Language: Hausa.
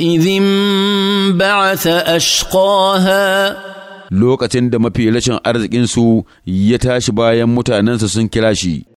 إذ انبعث أشقاها lokacin da mafi rashin arzikinsu ya tashi bayan mutanensa sun kira shi.